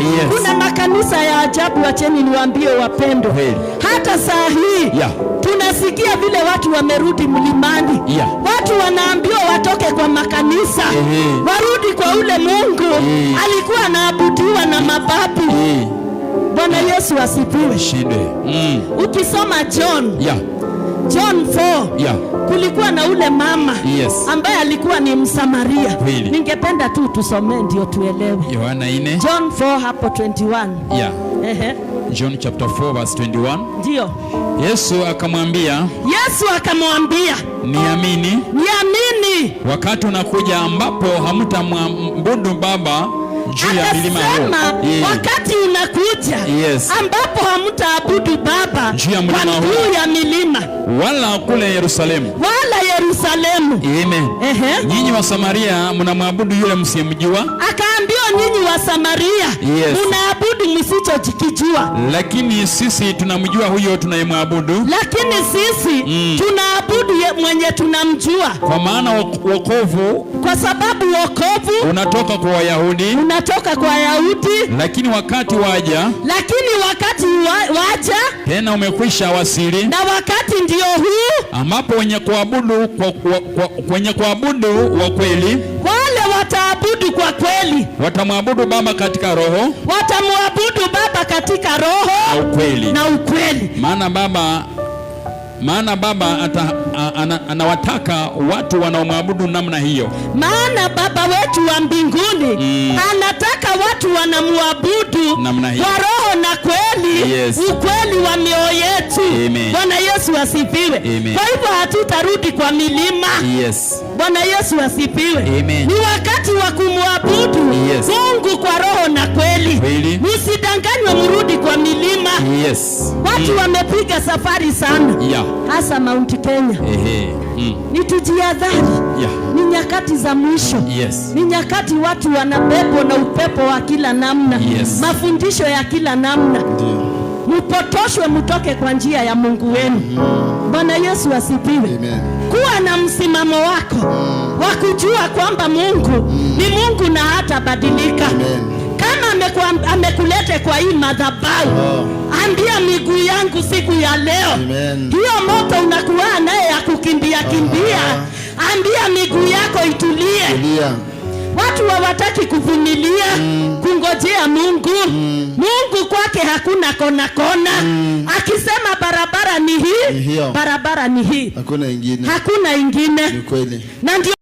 nne. Yes. Kuna makanisa ya ajabu, wacheni niwaambie wapendo Hata saa hii yeah. Tunasikia vile watu wamerudi mlimani yeah. Watu wanaambiwa watoke kwa makanisa mm -hmm. Warudi kwa ule Mungu mm. alikuwa anaabudiwa na mababu mm. Bwana Yesu asifiwe. Mm. Ukisoma John yeah. John 4 yeah. Kulikuwa na ule mama yes. ambaye alikuwa ni Msamaria really. Ningependa tu tusomee ndio tuelewe. Yohana 4. John 4 hapo 21. Yeah. Ehe. John chapter 4 verse 21. Ndio. Yesu akamwambia Yesu akamwambia niamini, niamini wakati unakuja ambapo hamtamwabudu Baba juu ya milima Wakati unakuja yes, ambapo hamtaabudu Baba juu ya mlima ya milima wala kule Yerusalemu wala Yerusalemu. Amen. Ehe. Nyinyi wa Samaria mnamwabudu yule msiyemjua. Akaambiwa nyinyi wa Samaria yes, mnaabudu msichokijua. Lakini sisi tunamjua huyo tunayemwabudu. Lakini sisi mm. tunaabudu mwenye tunamjua. Kwa maana wokovu, kwa sababu wokovu unatoka kwa Wayahudi, unatoka kwa Wayahudi. Lakini wakati waja, lakini wakati wa, waja tena umekwisha wasili, na wakati ndio huu ambapo wenye kuabudu kwa, kwa, kwa, wenye kuabudu wa kweli Watamwabudu Baba katika roho, watamwabudu Baba katika roho na ukweli, na ukweli. Maana Baba maana Baba ata, a, ana, anawataka watu wanaomwabudu namna hiyo. Maana Baba wetu wa mbinguni mm. anataka watu wanamwabudu kwa roho na kweli yes. ukweli wa mioyo yetu. Bwana Yesu asifiwe. Kwa hivyo hatutarudi kwa milima yes. Bwana Yesu asifiwe. Ni wakati wa kumwabudu kumwabudu yes. Mungu kwa roho na kweli really? Msidanganywe, mrudi kwa milima yes. Watu mm. wamepiga safari sana hasa Mount Kenya Ehe. Mm. Ni tujiadhari yeah. Ni nyakati za mwisho yes. Ni nyakati watu wanabebwa na upepo wa kila namna yes. Mafundisho ya kila namna yeah. Mupotoshwe, mutoke kwa njia ya Mungu wenu mm. Bwana Yesu asifiwe. Kuwa na msimamo wako mm. wa kujua kwamba Mungu mm. ni Mungu na hatabadilika. Kama amekulete kwa hii madhabahu, oh. ambia miguu yangu siku ya leo, hiyo moto unakuwa naye ya kukimbia kimbia, ambia miguu yako itulie. Watu hawataki kuvumilia mm. kungojea Mungu mm. Mungu kwake hakuna kona kona mm. Akisema barabara ni hii, barabara ni hii, hakuna ingine, hakuna ingine. Ni kweli na ndio